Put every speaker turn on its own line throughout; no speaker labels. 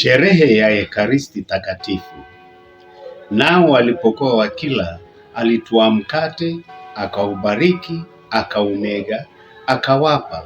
Sherehe ya Ekaristi Takatifu. Nao walipokuwa wakila, alitoa mkate, akaubariki, akaumega, akawapa,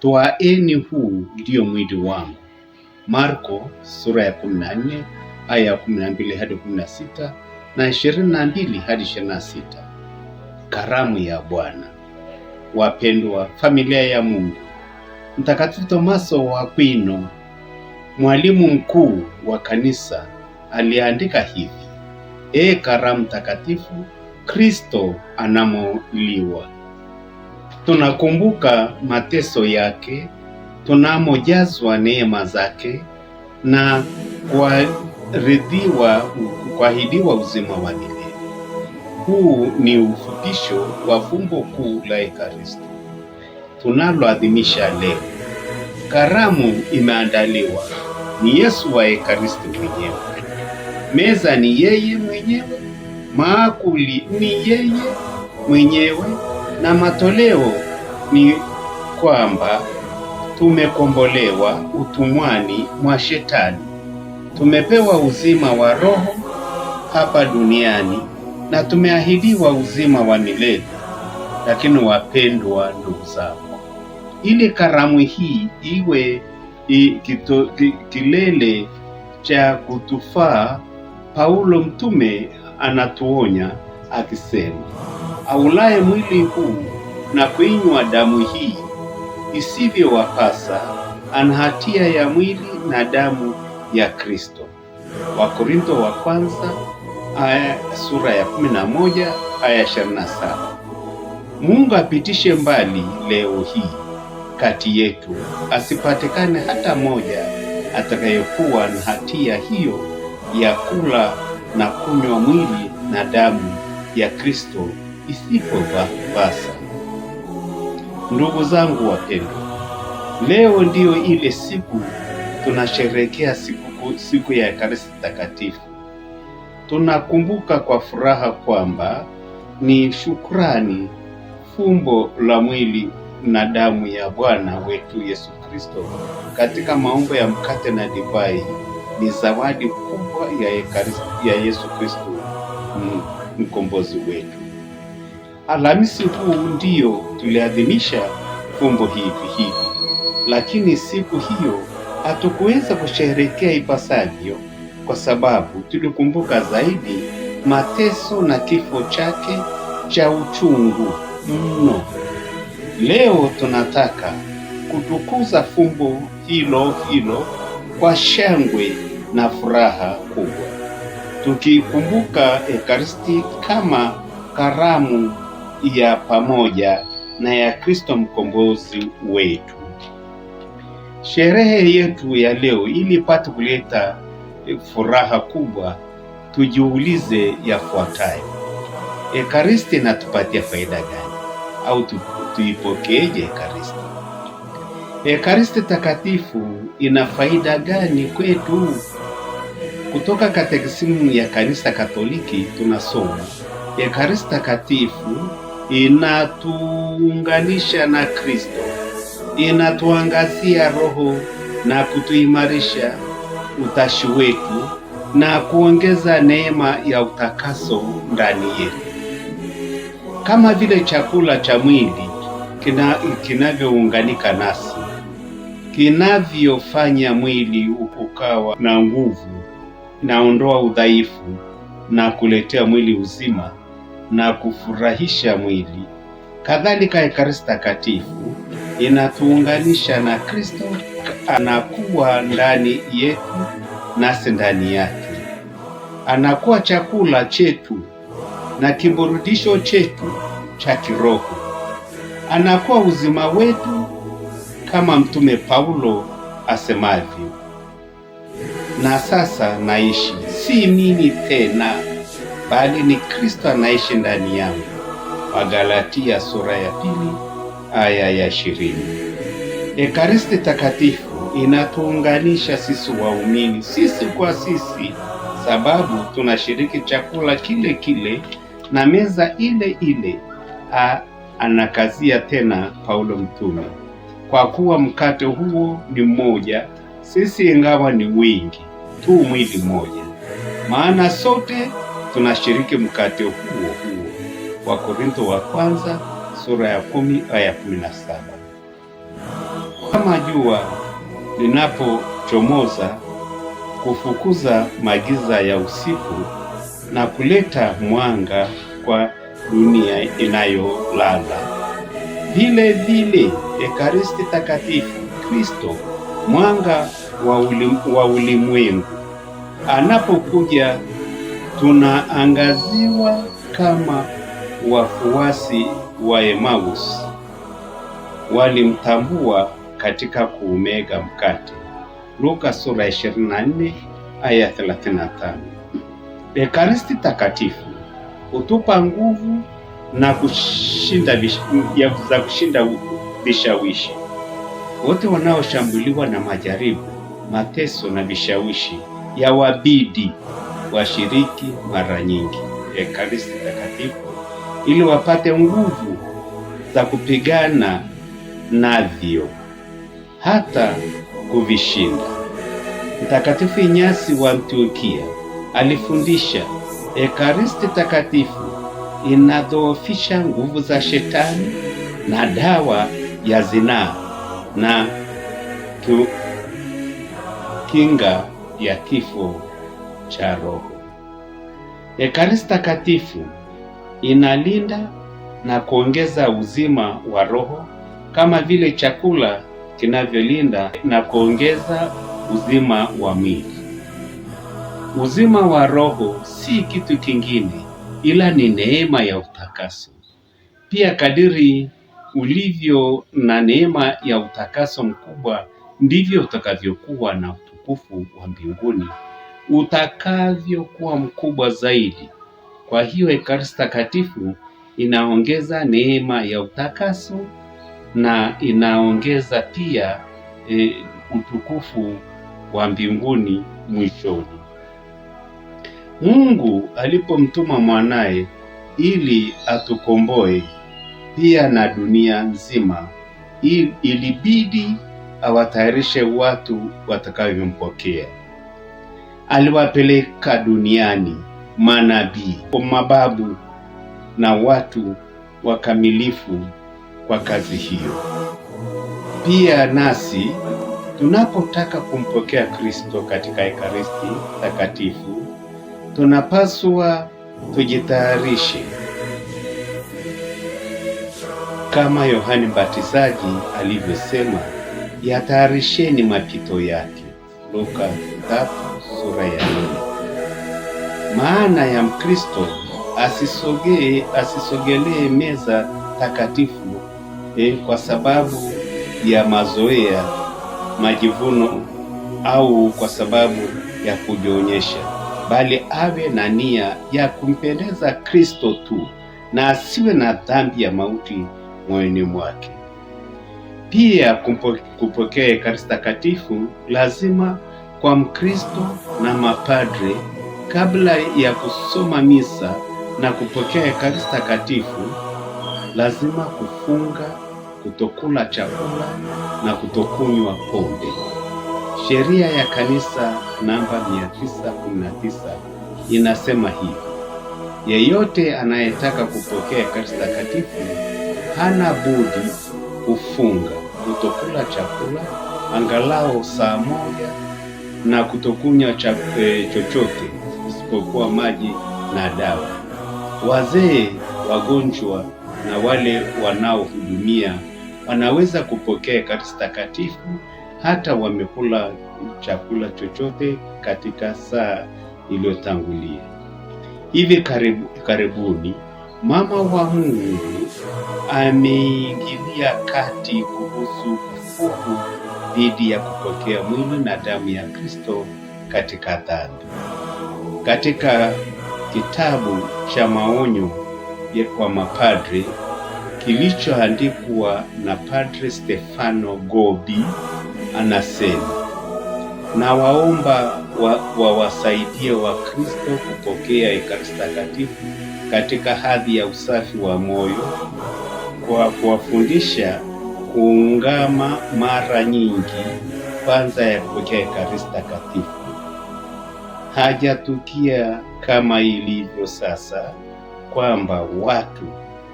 twaeni, huu ndio mwili wangu. Marko sura ya 14 aya ya 12 hadi 16 na 22 hadi 26. Karamu ya Bwana. Wapendwa familia ya Mungu, Mtakatifu Tomaso wa Aquino Mwalimu mkuu wa Kanisa aliandika hivi: E karamu takatifu, Kristo anamoliwa. Tunakumbuka mateso yake, tunamojazwa neema zake na kuaridhiwa, kuahidiwa uzima wa milele. Huu ni ufupisho wa fumbo kuu la Ekaristi tunaloadhimisha leo. Karamu imeandaliwa ni Yesu wa Ekaristi mwenyewe. Meza ni yeye mwenyewe, maakuli ni yeye mwenyewe, na matoleo ni kwamba tumekombolewa utumwani mwa Shetani, tumepewa uzima wa roho hapa duniani na tumeahidiwa uzima wa milele. Lakini wapendwa ndugu zangu, ili karamu hii iwe i, kito, ki, kilele cha kutufaa, Paulo mtume anatuonya akisema, aulaye mwili huu na kuinywa damu hii isivyowapasa, ana hatia ya mwili na damu ya Kristo. Wakorintho wa kwanza aya sura ya 11 aya 27. Mungu apitishe mbali leo hii kati yetu, asipatikane hata mmoja atakayekuwa na hatia hiyo ya kula na kunywa mwili na damu ya Kristo isipopasa. Ndugu zangu wapendwa, leo ndiyo ile siku tunasherehekea siku, siku ya Ekaristi Takatifu. Tunakumbuka kwa furaha kwamba ni shukrani, fumbo la mwili na damu ya Bwana wetu Yesu Kristo katika maumbo ya mkate na divai ni zawadi kubwa ya Ekaristi ya Yesu Kristo mm, mkombozi wetu. Alhamisi huu ndiyo tuliadhimisha fumbo hivi hivi, lakini siku hiyo hatukuweza kusherehekea ipasavyo kwa sababu tulikumbuka zaidi mateso na kifo chake cha uchungu mno Leo tunataka kutukuza fumbo hilo hilo kwa shangwe na furaha kubwa, tukikumbuka Ekaristi kama karamu ya pamoja na ya Kristo mkombozi wetu. Sherehe yetu ya leo ili ipate kuleta furaha kubwa, tujiulize yafuatayo: Ekaristi inatupatia faida gani? au tu tuipokeeje Ekaristi? Ekaristi takatifu ina faida gani kwetu? Kutoka katekisimu ya Kanisa Katoliki tunasoma Ekaristi takatifu inatuunganisha na Kristo, inatuangazia roho na kutuimarisha utashi wetu na kuongeza neema ya utakaso ndani yetu. Kama vile chakula cha mwili kina, kinavyounganika nasi kinavyofanya mwili ukawa na nguvu, naondoa udhaifu na kuletea mwili uzima na kufurahisha mwili. Kadhalika, Ekaristi Takatifu inatuunganisha na Kristo, anakuwa ndani yetu nasi ndani yake, anakuwa chakula chetu na kiburudisho chetu cha kiroho anakuwa uzima wetu, kama Mtume Paulo asemavyo, na sasa naishi si mimi tena, bali ni Kristo anaishi ndani yangu. Wagalatia sura ya pili aya ya ishirini. Ekaristi Takatifu inatuunganisha sisi waumini, sisi kwa sisi, sababu tunashiriki chakula kile kile na meza ile ile anakazia tena Paulo mtume, kwa kuwa mkate huo ni mmoja, sisi ingawa ni wingi, tu mwili mmoja, maana sote tunashiriki mkate huo huo. Wakorintho wa kwanza sura ya kumi aya kumi na saba. Kama jua linapochomoza kufukuza magiza ya usiku na kuleta mwanga kwa dunia inayolala. Vile vile Ekaristi Takatifu, Kristo mwanga wa ulim, wa ulimwengu anapokuja, tunaangaziwa kama wafuasi wa Emmaus walimtambua katika kuumega mkate. Luka sura ya 24 aya 35. Ekaristi Takatifu hutupa nguvu na kushinda za kushinda vishawishi. Wote wanaoshambuliwa na majaribu, mateso na vishawishi ya wabidi washiriki mara nyingi Ekaristi Takatifu ili wapate nguvu za kupigana navyo hata kuvishinda. Mtakatifu Inyasi wa Antiokia alifundisha Ekaristi Takatifu inadhoofisha nguvu za shetani na dawa ya zinaa na tu kinga ya kifo cha roho. Ekaristi Takatifu inalinda na kuongeza uzima wa roho kama vile chakula kinavyolinda na kuongeza uzima wa mwili. Uzima wa roho si kitu kingine ila ni neema ya utakaso. Pia kadiri ulivyo na neema ya utakaso mkubwa ndivyo utakavyokuwa na utukufu wa mbinguni utakavyokuwa mkubwa zaidi. Kwa hiyo Ekaristi Takatifu inaongeza neema ya utakaso na inaongeza pia e, utukufu wa mbinguni mwishoni. Mungu alipomtuma mwanaye ili atukomboe pia na dunia nzima, ilibidi awatayarishe watu watakayompokea. Aliwapeleka duniani manabii, mababu na watu wakamilifu kwa kazi hiyo. Pia nasi tunapotaka kumpokea Kristo katika Ekaristi takatifu tunapaswa tujitayarishe kama Yohani Mbatizaji alivyosema, yatayarisheni mapito yake, Luka 3 sura ya nne. Maana ya Mkristo asisogee asisogelee meza takatifu eh, kwa sababu ya mazoea, majivuno au kwa sababu ya kujionyesha bali awe na nia ya kumpendeza Kristo tu na asiwe na dhambi ya mauti moyoni mwake. Pia kupokea Ekaristi Takatifu lazima kwa Mkristo na mapadre kabla ya kusoma misa na kupokea Ekaristi Takatifu lazima kufunga, kutokula chakula na kutokunywa pombe. Sheria ya Kanisa namba 919 inasema hivi: yeyote anayetaka kupokea Ekaristi Takatifu hana budi kufunga, kutokula chakula angalau saa moja na kutokunywa e, chochote isipokuwa maji na dawa. Wazee, wagonjwa na wale wanaohudumia wanaweza kupokea Ekaristi Takatifu hata wamekula chakula chochote katika saa iliyotangulia. Hivi karibu, karibuni mama wa Mungu ameingilia kati kuhusu kufuku dhidi ya kupokea mwili na damu ya Kristo katika dhambi. Katika kitabu cha maonyo kwa mapadre kilichoandikwa na Padre Stefano Gobi anasema nawaomba wawasaidie wa Wakristo kupokea Ekaristi Takatifu katika hadhi ya usafi wa moyo kwa kuwafundisha kuungama mara nyingi kwanza ya kupokea Ekaristi Takatifu. Hajatukia kama ilivyo sasa kwamba watu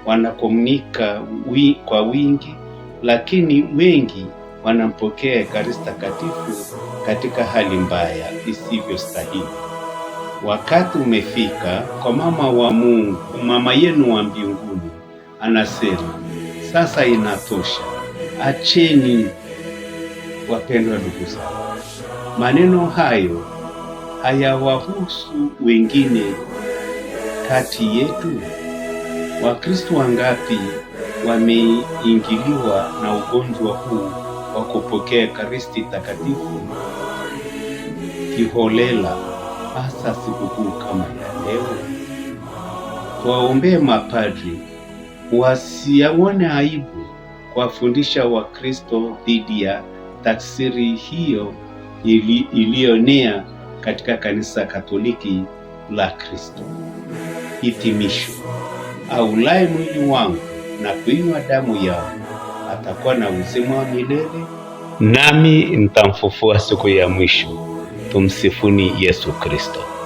wanakomunika wi, kwa wingi, lakini wengi wanampokea Ekaristi Takatifu katika hali mbaya isivyostahili. Wakati umefika kwa mama wa Mungu, mama yenu wa mbinguni anasema sasa inatosha, acheni. Wapendwa ndugu zangu, maneno hayo hayawahusu wengine kati yetu? Wakristo wangapi wameingiliwa na ugonjwa huu wa kupokea Ekaristi Takatifu kiholela, hasa sikukuu kama ya leo. Tuwaombee mapadri wasiaone aibu kuwafundisha Wakristo dhidi ya taksiri hiyo iliyonea katika kanisa Katoliki la Kristo. Hitimisho: aulaye mwili wangu na kuinywa damu yangu atakuwa na uzima wa milele, nami nitamfufua siku ya mwisho. Tumsifuni Yesu Kristo.